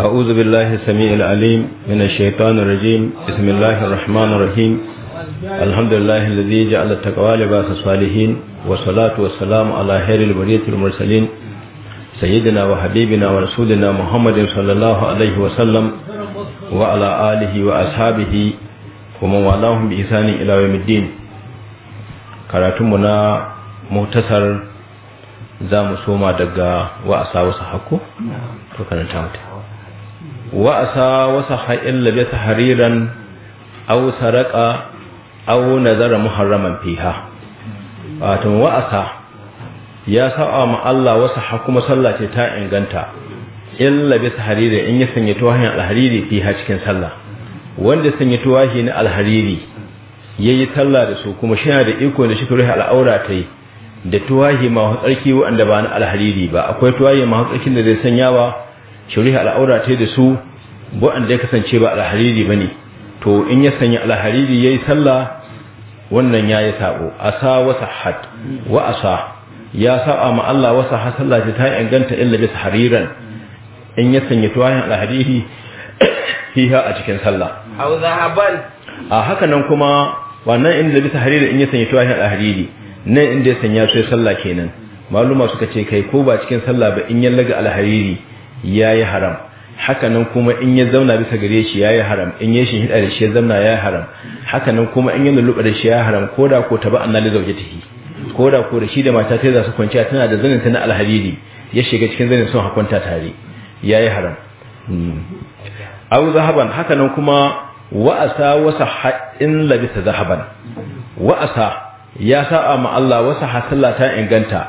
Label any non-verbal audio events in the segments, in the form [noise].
أعوذ بالله السميع العليم من الشيطان الرجيم بسم الله الرحمن الرحيم الحمد لله الذي جعل التقوى لباس الصالحين والصلاة والسلام على خير البرية المرسلين سيدنا وحبيبنا ورسولنا محمد صلى الله عليه وسلم وعلى آله وأصحابه ومن والاهم بإحسان إلى يوم الدين كراتمنا مختصر za mu soma daga wa'asa wasu haku to karanta mutum wa a sa wasu haɗin hariran au saraka au nazara muharraman fiha watan wa a ya sa'a ma'alla wasu hakuma sallah ce ta inganta in labeta hariri in ya sanyatuwa hanyar alhariri fiha cikin sallah wanda sanya tuwahi na alhariri ya yi sallah da su kuma shi da iko da shi turai al'aura ta yi da tuwahi masu tsarki wa'anda ba na alhariri ba akwai tuwahi masu tsarkin da zai sanya ba shurihi al'aura ta da su da ya kasance ba alhariri ba ne to in ya sanya alhariri ya yi sallah wannan ya yi saɓo asa wasa had wa asa ya saɓa ma Allah wasa ha sallah ta inganta illa bisa hariran in ya sanya tuwayen alhariri [coughs] fiha a cikin sallah zahaban a haka nan kuma wannan inda bisa hariri in ya sanya tuwayen alhariri nan inda ya sanya sai sallah kenan maluma suka ce kai ko ba cikin sallah ba in ya laga alhariri Ya yi haram hakanan kuma in ya zauna bisa gare shi ya yi haram in ya hida da shi ya zauna yi haram hakanan kuma in ya lulluɓa da shi yi haram ko da ko taba annali ta koda ko da ko da shi da mata sai za su kwanciya tana da zanin ta na alhariri ya shiga cikin zanin sun ta tare ya yi haram hmm. A'u zahaban hakanan kuma wa'asa wasa in labisa zahaban wa'asa ya sa'a ma Allah wasa ta inganta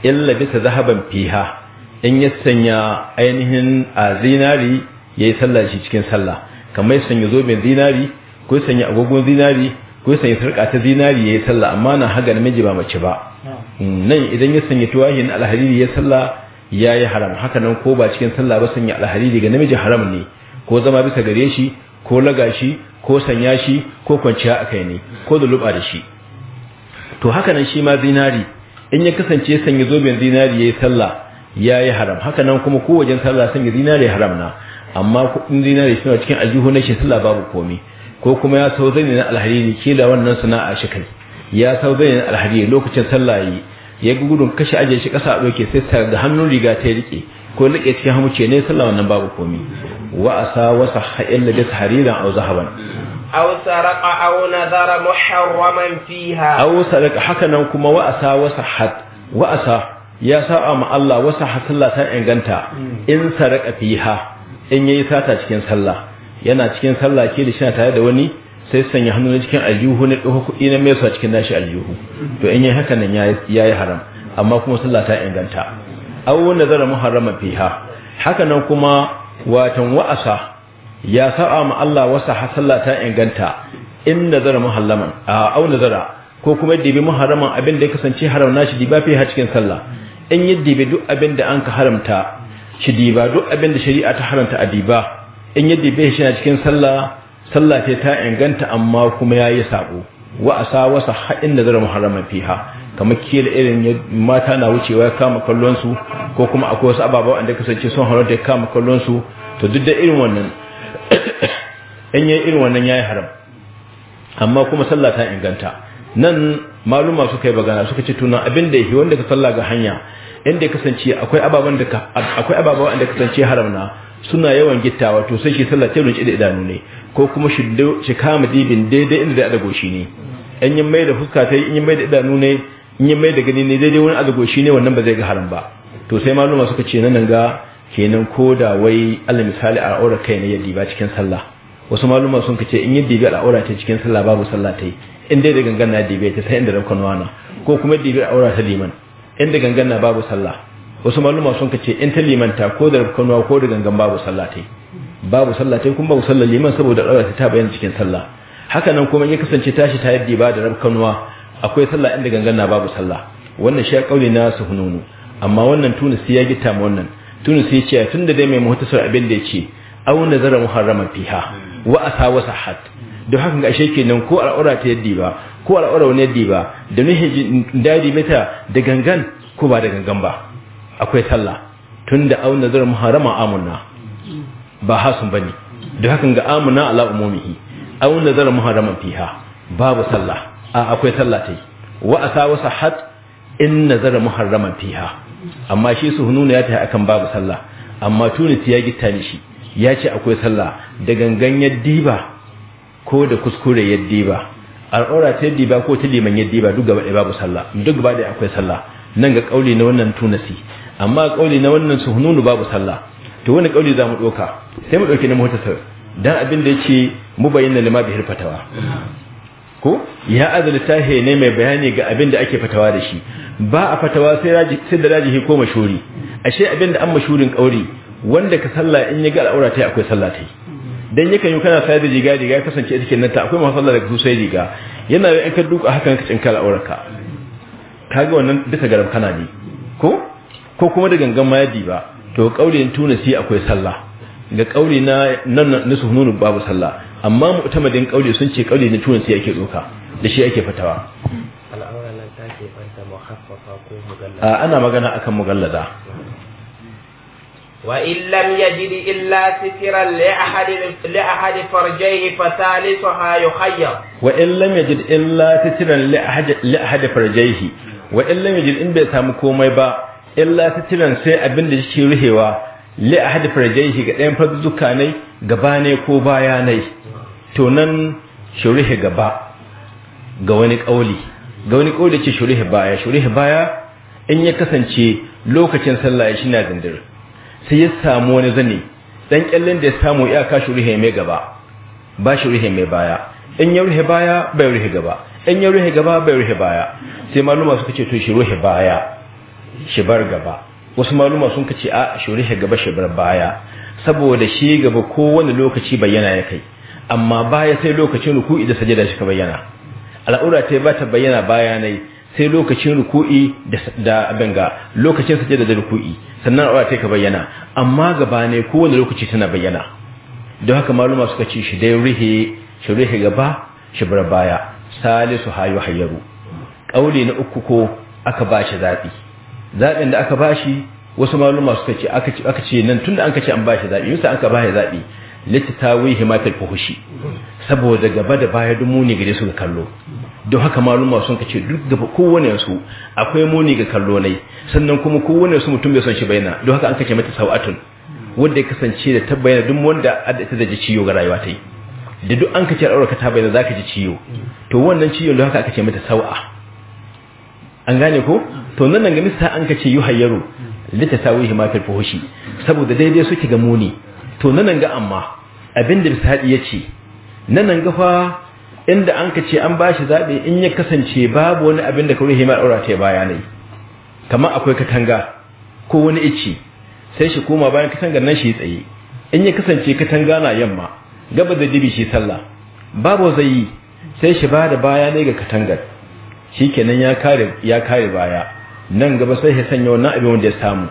in labisa zahaban fiha in ya sanya ainihin a zinari ya yi sallah shi cikin sallah kamar ya sanya zoben zinari ko ya sanya agogon zinari ko ya sanya sarƙa ta zinari ya yi sallah amma na haga namiji ba mace ba mm, nan idan ya sanya tuwahin alhariri ya sallah ya yi haram haka ko ba cikin sallah ba sanya alhariri ga namiji haram ne ko zama bisa gare shi ko laga shi ko sanya shi ko kwanciya a kai ne ko da luba da shi to hakanan nan shi ma zinari in ya kasance sanya zoben zinari ya yi sallah ya yi haram haka nan kuma wajen sallah sun yi zinare haram na amma kuɗin zinare suna cikin aljihu na shi sallah babu komi ko kuma ya sau zai na ne ke da wannan sana'a shi kai ya sau zai na ne lokacin sallah yi ya gudun kashe ajiye shi ƙasa a ɗauke sai tare da hannun riga ta riƙe ko rike cikin hamuce ne sallah wannan babu komi wa asa wasa ha'il da hariran au zahaban aw saraqa aw nadara muharraman fiha aw saraqa hakanan kuma wa asa wasa hat wa asa ya sa'a ma Allah wasu hasalla ta inganta hmm. in saraka fiha in yayi sata cikin sallah yana cikin sallah ke da shi tare da wani sai sanya hannu na cikin aljihu ne dauko ne mai sa cikin nashi aljihu to in yayi haka nan yayi haram amma kuma sallah ta inganta aw nazara muharrama fiha haka nan kuma watan wa'asa ya sa'a ma Allah wasu hasalla ta inganta in nazara muhallaman aw nazara ko kuma dibi muharraman abin da ya kasance haram nashi diba fi ha cikin sallah in yi dibe duk abin da an ka haramta shi diba duk abin da shari'a ta haramta a diba in yi dibe shi na cikin sallah sallah ce ta inganta amma kuma ya yi sabo wa a sa wasa haɗin da zara muharraman fiha kamar kila irin mata na wucewa ya kama kallonsu ko kuma akwai wasu ababa wanda kasance sun haramta ya kama kallonsu to duk da irin wannan [coughs] in yi irin wannan ya yi haram amma kuma sallah ta inganta nan maluma suka yi bagana suka ce tunan abin da yake wanda ka sallah ga hanya inda ya kasance akwai ababen da akwai ababen wanda kasance haramna suna yawan gittawa to sai shi sallah ta rinci da idanu ne ko kuma shi kama dibin daidai inda da shi ne in yin mai da fuska ta in yin mai da idanu ne in yin mai da gani ne daidai wani adagoshi ne wannan ba zai ga haram ba to sai maluma suka ce nan ga kenan ko da wai alal misali a aure kai ne ya diba cikin sallah wasu maluma sun kace in yi dibi a'ura ta cikin sallah babu sallah ta yi in dai da gangana dibiyar ta sai inda rabkan na. ko kuma dibiyar a'ura ta liman in da gangana babu sallah wasu maluma sun kace in ta limanta ko da rabkan wana ko da gangan babu sallah ta yi babu sallah ta yi kuma babu sallah liman saboda aura ta ta bayyana cikin sallah haka nan kuma in ya kasance tashi ta yi ba da rabkan akwai sallah inda na babu sallah wannan shi ya kauli na su hununu amma wannan tunisi ya gita ma wannan tunisi ya ce tun da dai mai muhtasar abin da ya ce aw nazara muharraman fiha wa asa wa sahat don haka ga shi kenan ko al'aura ta yaddi ba ko al'aura wani yaddi ba da nuhi dadi mata da gangan ko ba da gangan ba akwai sallah tunda aw nazara muharrama amunna ba hasun bane don haka ga amuna ala umumihi aw nazara muharraman fiha babu sallah a akwai sallah tai wa asa wa sahat in nazara muharraman fiha amma shi su hununa ya ta akan babu sallah amma tuni ya gitta ni shi ya ce akwai sallah da gangan ya diba ko da kuskure ya diba al'aura ta diba ko ta liman ya diba duk gaba ɗaya babu sallah duk gaba ɗaya akwai sallah nan ga kauli na wannan tunasi amma kauli na wannan suhununu babu sallah to wani kauli za mu ɗauka sai mu ɗauki na muhtasar dan abin da yake mu bayyana lima bihir fatawa ko ya azal tahe ne mai bayani ga abin da ake fatawa da shi ba a fatawa sai da rajihi ko mashuri ashe abin da an mashurin kauri wanda ka sallah in ya ga al'aura ta akwai sallah ta dan yakan yi kana sai da riga riga kasance ita kenan ta akwai masalla sallah da su sai riga yana yi in ka duka hakan ka cinka al'aura ka kage wannan duka garam kana ne ko ko kuma da gangan ma yadi ba to tuna tunasi akwai sallah ga kauri na nan na suhununu babu sallah amma mu'tamadin kauri sun ce kauri na tunasi yake tsoka da shi yake fatawa al'aura nan take banta muhaffafa ko mugallada ana magana akan mugallada wa illam yajid illa sikran li ahadin li ahadi farjayhi fa thalithu ha yukhayyar wa illam yajid illa sikran li ahadi li ahadi farjayhi wa illam in bai samu komai ba illa sikran sai abin da yake ruhewa li ahadi farjayhi ga dan fadu dukanai gaba ne ko baya ne to nan shurihi gaba ga wani kauli ga wani kauli ke shurihi baya shurihi baya in ya kasance lokacin sallah ya shi na dindirin sai ya samu wani zani dan kyallin da ya samu ya shi ruhe mai gaba ba shi ruhe mai baya in ya ruhe baya bai ruhe gaba in ya ruhe gaba bai ruhe baya sai maluma suka ce to shi ruhe baya shi bar gaba wasu maluma sun kace a shi ruhe gaba shi bar baya saboda shi gaba ko wani lokaci bayyana ya kai amma baya sai lokacin ruku'i da sajada shi ka bayyana al'aura ta ba ta bayyana baya ne sai lokacin ruku'i da banga lokacin sujada da ruku'i sannan Allah ta ka bayyana amma gaba ne kowane lokaci tana bayyana don haka maluma suka ce shi dai ruhi shi ruhi gaba shi bar baya salisu hayu hayyaru kauli na uku ko aka bashi zabi zabin da aka bashi wasu maluma suka ce aka ce nan tunda an kace an bashi zabi yusa an ka bashi zabi litatawihi ma fuhushi saboda gaba da baya duk muni gare su ga kallo don haka maluma sun kace duk gaba kowane su akwai muni ga kallo nai sannan kuma kowane su mutum bai son shi baina don haka an kace mata sawatun wanda ya kasance da tabbayar duk wanda adda da ji ciyo ga rayuwa ta yi da duk an kace ka ta bayyana zaka ji ciyo to wannan ciyo don haka aka ce mata sawa an gane ko to nan ga mista an kace yuhayyaru litatawihi ma fuhushi saboda daidai suke ga muni to na nan ga amma abinda misali na nan ga fa inda an ka ce an ba shi zaɓe in ya kasance babu wani abin da kawai himar aura ta ya bayanai kamar akwai katanga ko wani ici sai shi koma bayan katanga nan shi tsaye in ya kasance katanga na yamma gaba da dibi shi sallah babu zai yi sai shi ba da bayanai ga katangar shi kenan ya kare baya nan gaba sai ya sanya wannan abin wanda ya samu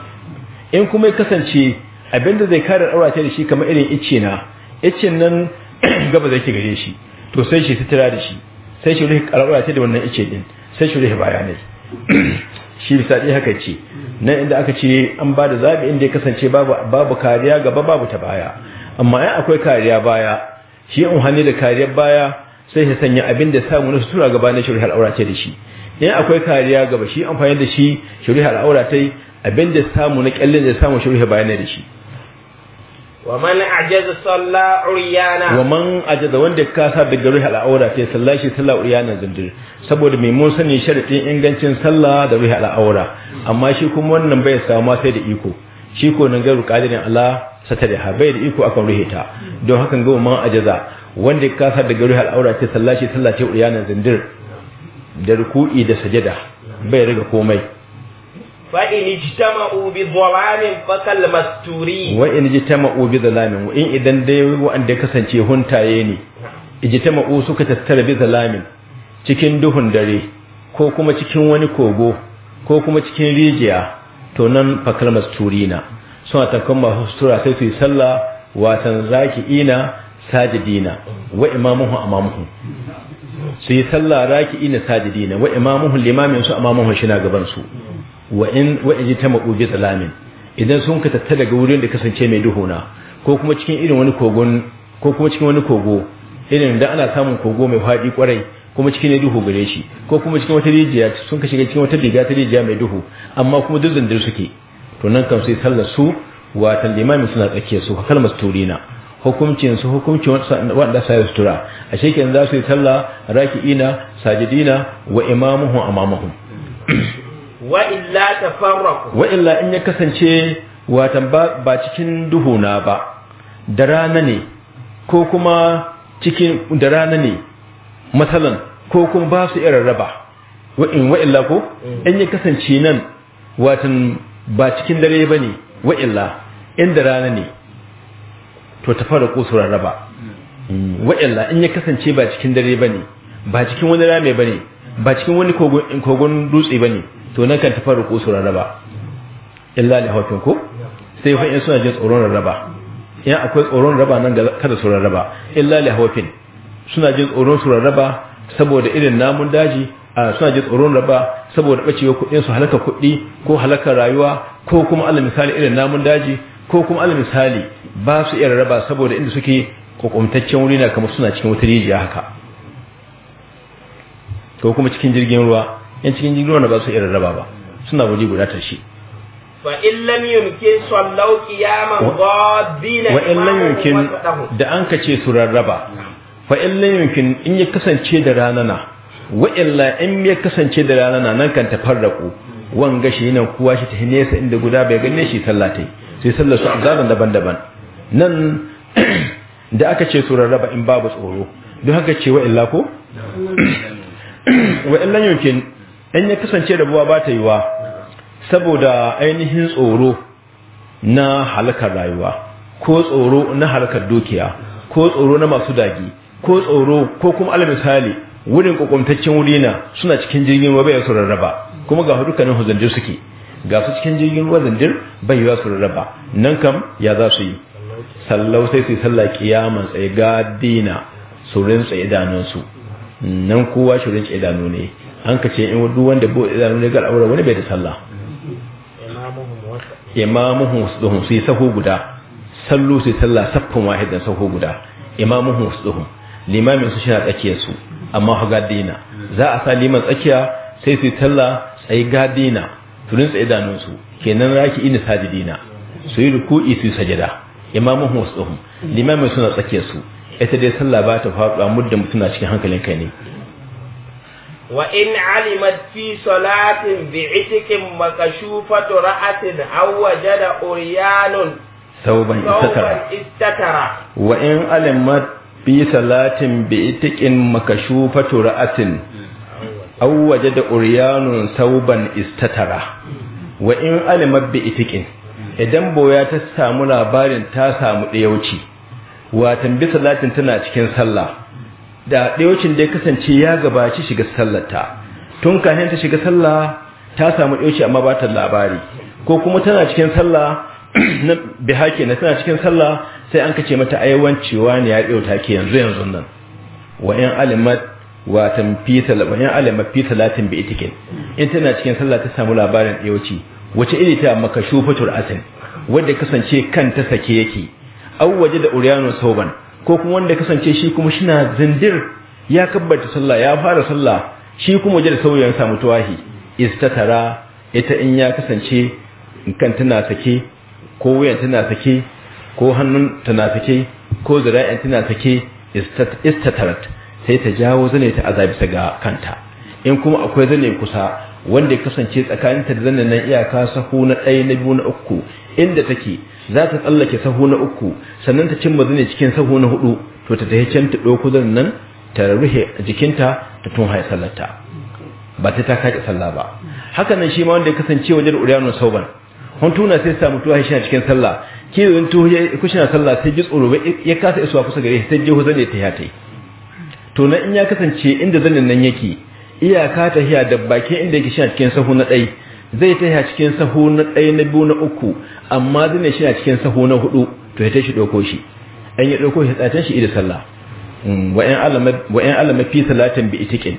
in kuma ya kasance abinda zai kare daura ta da shi kamar irin icce na icce nan [clears throat] gaba zai ke gare shi to sai shi sutura da shi sai shi rufe daura ta da wannan icce din sai shi rufe bayanai [clears throat] shi bisa ɗaya haka ce nan inda aka ce an ba da zaɓi inda ya kasance babu kariya gaba babu ta baya amma yan akwai kariya baya shi in hannu da kariyar baya sai shi sanya abin da samu na sutura gaba na shari'ar aura ce da shi in akwai kariya gaba shi amfani da shi shari'ar aura ta abin da samu na kyallin da samu shari'ar bayanai da shi wa man صلى عريانا ومن wa وند كاسا kasa daga في al'aura sai salla عريانا salla uryana zindir saboda mai mun sani sharadin ingancin salla da ruhi al'aura amma shi kuma wannan bai samu sai da iko shi ko nan ga qadirin Allah satare ha bai da iko akan ruhi ta don hakan ga man ajaza wanda kasa daga ruhi al'aura sai salla shi salla ta zindir da ruku'i da sajada bai riga komai in اجتمعوا بظلام فكل مستوري وإن اجتمعوا بظلام وإن إذن دي وأن دي كسنتي هنتايني suka tattara bi ظلام cikin duhun dare ko kuma cikin wani kogo ko kuma cikin rijiya to nan fakal masturina suna takan masu sura sai su yi sallah watan raki'ina sajidina wa imamuhu amamuhu su yi sallah raki'ina sajidina wa imamuhu limamin su amamuhu shi na gaban su wa in wa in ta maquji idan sun ka tatta daga wurin da kasance mai duhuna ko kuma cikin irin wani kogon ko kuma cikin wani kogo irin da ana samun kogo mai fadi kwarai kuma cikin ne duhu gare shi ko kuma cikin wata rijiya sun ka shiga cikin wata riga ta rijiya mai duhu amma kuma duk zindir suke to nan kan sai sallar su watan limamin suna tsakiyar su kalmar turina hukuncin su hukuncin wanda sai sutura a shekin za su yi sallah raki'ina sajidina wa imamuhu amamuhu wa illa tafarraqu wa illa in ya kasance watan ba ba cikin duhuna ba da rana ne ko kuma cikin da rana ne matsalan ko kuma ba su irin raba wa in wa illa ko mm. in ya kasance nan watan ba cikin dare bane wa illa in da rana ne to tafarraqu su raba mm. wa illa in ya kasance ba cikin dare bane ba cikin wani rame bane ba cikin wani kogon dutse bane to nan kan fara ruku su rarraba illa li hawfin ku sai fa in suna jin tsoron rarraba in akwai tsoron raba nan kada su rarraba illa li hawfin suna jin tsoron su rarraba saboda irin namun daji a suna jin tsoron raba saboda bacewa kuɗin su halaka kuɗi ko halaka rayuwa ko kuma alal misali irin namun daji ko kuma alal misali ba su iya rarraba saboda inda suke kokumtaccen wuri na kamar suna cikin wata rijiya haka ko kuma cikin jirgin ruwa yan cikin jirgin wanda ba su irin raba ba suna waje guda ta shi fa in lam yumkin sallau qiyaman da an ka ce su rarraba fa in lam yumkin in ya kasance da ranana wa illa in ya kasance da ranana nan kan ta tafarraku wan gashi nan kuwa shi ta nesa, inda guda bai ganne shi sallah sai sallar su azaban daban-daban nan [clears throat] da aka ce su rarraba in babu tsoro don haka ce wa illa ko [clears throat] wa illa yumkin in ya kasance rabuwa ba ta yi wa saboda ainihin tsoro na halakar rayuwa ko tsoro na halakar dukiya ko tsoro na masu dagi ko tsoro ko kuma ala misali wurin kwakwamtaccen wuri na suna cikin jirgin ruwa bai su rarraba kuma ga dukkanin huzandir suke ga su cikin jirgin ruwa zandir bai yiwa su rarraba nan kam ya za su yi sallau sai su yi sallah kiyama tsaye gadina su tsaye idanunsu nan kowa shi rinci idanu ne an ka ce in duk wanda bo idanu ne gal aure wani bai da sallah imamuhum wasduhum sai sahu guda sallu sai sallah saffin wahidan sahu guda imamuhum wasduhum limamin su shina tsakiyar su amma ha gadina za a sa liman tsakiya sai su sallah sai gadina turin tsaye danun su kenan raki ina sajidina su yi ruku'i su sajada imamuhum wasduhum limamin suna tsakiyar su ita dai sallah ba ta faɗuwa muddin mutum na cikin hankalin kai ne wa in alimat fi salatin bi itikin makashufatu ra'atin aw wajada uryanun sauban istatara wa in alimat fi salatin bi itikin makashufatu ra'atin aw wajada uryanun sauban istatara wa in alimat bi itikin idan boya ta samu labarin ta samu ɗayauci watan bi salatin tana cikin sallah da dayocin da ya kasance ya gabaci shiga sallata tun kafin ta shiga sallah ta samu dayoci amma ba ta labari ko kuma tana cikin sallah [clears throat] na hake na tana cikin sallah sai an kace mata aiwancewa ne ya dauta ke yanzu yanzu nan wa in alimat wa tanfisa wa in alimat fi salatin bi itikin in tana cikin sallah ta samu labarin dayoci wace iri ta maka shufatul asin wanda kasance kanta sake yake aw da uryanu sauban ko kuma wanda kasance shi kuma shina zindir ya kabbata sallah ya fara sallah shi kuma waje da sauyan sa mutuwahi istatara ita in ya kasance kan tana sake ko wuyan tana sake ko hannun tana sake ko zira'in tana sake istatarat sai ta jawo zane ta azabi ga kanta in kuma akwai zane kusa wanda ya kasance tsakaninta da zane nan iyaka sahu na ɗaya na biyu na uku inda take za ta tsallake sahu na uku sannan ta cimma zane cikin sahu na hudu to ta tafi can ta ɗauko zane nan ta rufe jikinta ta tun haya sallarta ba ta ta kaƙi sallah ba haka nan shi ma wanda ya kasance wajen uriyanun sauban huntuna sai samu tuwa shi cikin sallah ke yin tuwa na sallah sai ji tsoro ya kasa isuwa kusa gare sai jihu zane ta ya ta yi to na in ya kasance inda zanen nan yake iyaka tahiya da bakin inda yake shi cikin sahu na ɗai zai ta hiya cikin sahu na ɗai na biyu na uku amma zai shi cikin sahu na hudu to ya tashi ɗauko shi an yi ɗauko shi tsatan shi ida sallah mm, wa'yan alama fi salatin bi itikin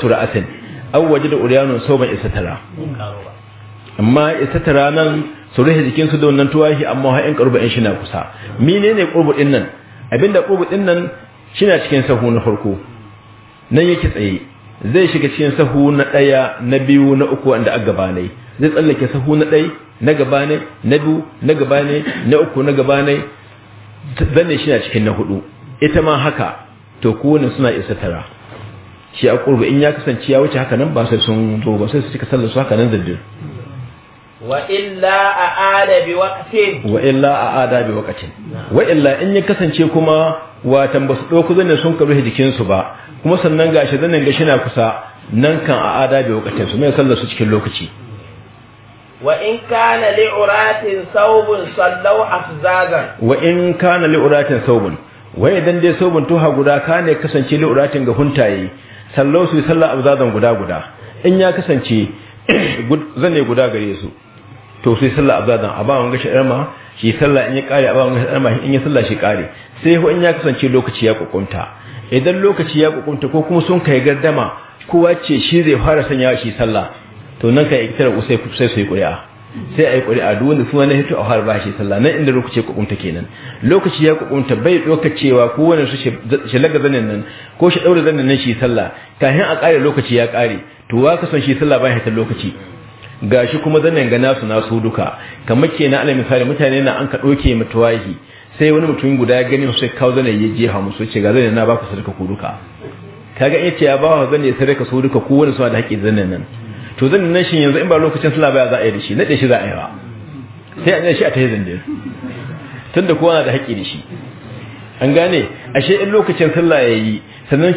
tura asin. an waje da uriyanun sauban isatara amma isatara nan su rufe jikinsu da wannan tuwahi amma ha'in ƙarfi in shina kusa mine ne ƙurbu ɗin nan abinda ƙurbu ɗin nan shina cikin sahu na farko nan yake tsaye zai shiga cikin sahu na ɗaya na biyu na uku wanda a gabanai zai tsallake sahu na ɗai na gabanai na biyu na gabanai na uku na gabanai zanne shi na cikin na hudu ita ma haka to kowane suna isa tara shi a kurba in ya kasance ya wuce haka nan ba sai sun zo ba sai su cika sallar su haka nan zaddin wa illa a'ada bi waqtin wa illa a'ada bi waqtin wa illa in ya kasance kuma watan tambasu doku ɗauku zanen sun karu jikinsu ba kuma sannan gashi zanen gashi na kusa nan kan a ada bai wakacin su mai sallar su cikin lokaci wa in kana li'uratin saubun sallau afzazan wa in kana li'uratin saubun wai idan dai saubun tuha guda ka ne kasance li'uratin ga huntaye sallau su sallar afzazan guda guda in ya kasance [clears throat] zane guda gare su to sai sallar afzazan a ba wani gashi irma shi sallah in ya kare a ba mu in ya sallah shi kare sai ko in ya kasance lokaci ya kokunta idan lokaci ya kokunta ko kuma sun kai gardama kowa ce shi zai fara sanya shi sallah to nan kai ikitara ku sai sai kuri'a sai ai kuri'a duk wanda suna na hito a fara bashi shi sallah nan inda lokaci ya kokunta kenan lokaci ya kokunta bai doka cewa ko wani su shi laga zanin nan ko shi daura zanin nan shi sallah kafin a kare lokaci ya kare to wa kasance shi sallah bai hita lokaci gashi kuma zanen ga nasu nasu duka kamar kenan alal misali mutane na an ka doke mutuwahi sai wani mutum guda ya gani sai kawo zanen ya jefa musu ce ga zanen na ku sadaka ku duka kaga in ce ya ba wa zanen sadaka su duka ko wani suna da haƙƙin zanen nan to zanen nan shi yanzu in ba lokacin sallah ba za a yi da shi na ɗaya shi za a yi ba sai a an shi a tayi zanen tunda kowa na da haƙƙi da shi an gane ashe in lokacin sallah ya yi sannan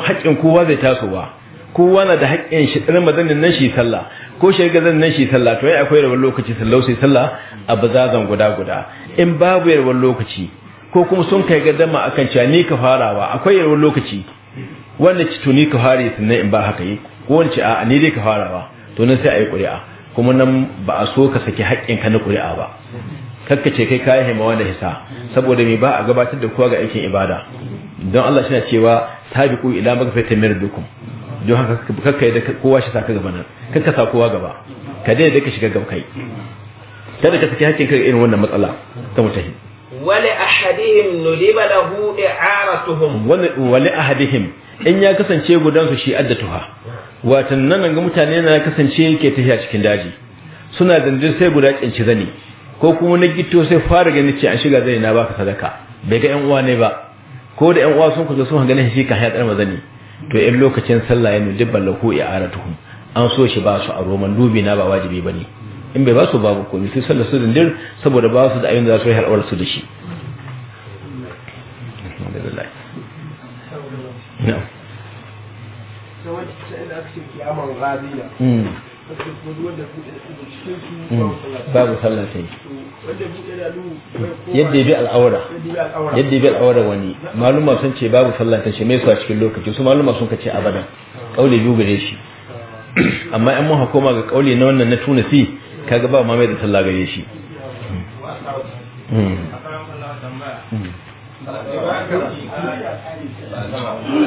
haƙƙin kowa zai tasowa kowa na da haƙƙin shi ɗan mazanin nan shi sallah ko shi zan nan shi sallah to ya akwai rawar lokaci sallau sai sallah a bazazan guda guda in babu yarwar lokaci ko kuma sun kai gadama akan cewa ni ka farawa akwai yarwar lokaci wanda ci to ka fare sannan in ba haka yi ko wani ci a ni dai ka farawa to nan sai a yi ƙuri'a kuma nan ba a so ka saki haƙƙin ka na ƙuri'a ba kakkace kai kayan haimawa da hisa saboda me ba a gabatar da kowa ga aikin ibada don Allah shi na cewa tabiqu ila magfirati min rabbikum don haka kakka yadda kowa shi saka gaba nan kakka sa kowa gaba ka dai da ka shiga gaba kai tare ka saki hakkin kai irin wannan matsala ta mutahi wali ahadihim nudiba lahu i'aratuhum wali ahadihim in ya kasance gudan su shi addatuha watan nan ga mutane na kasance yake tafiya cikin daji suna dandin sai guda kinci zani ko kuma na gito sai fara ganin ce an shiga zani na baka sadaka bai ga yan uwa ne ba ko da yan uwa sun kuzo sun ganin shi ka hayar mazani to in lokacin sallah ya nudibba lahu i'aratuhum an so shi ba su a roman dubi na ba wajibi ba ne in bai ba su babu komai sai sallar su dindir saboda ba su da ayyuka za su yi harwar su da shi babu sallah ta yi yadda bi al'aura yadda bi al'aura wani maluma sun ce babu sallah ta ce mai su a cikin lokaci su maluma sun kace abadan kaule biyu gare shi amma in mun koma ga kaule na wannan na tunisi kaga ba ma mai da sallah gare shi hmm. Hmm.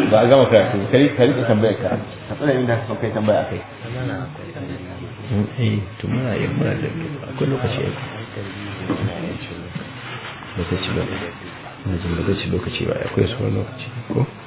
ba a gama karatu kai ka rike tambayar ka ka tsara inda ka kai tambaya kai eh to muna yin da akwai lokaci ai lokaci ba na jin lokaci lokaci ba akwai sauran lokaci ko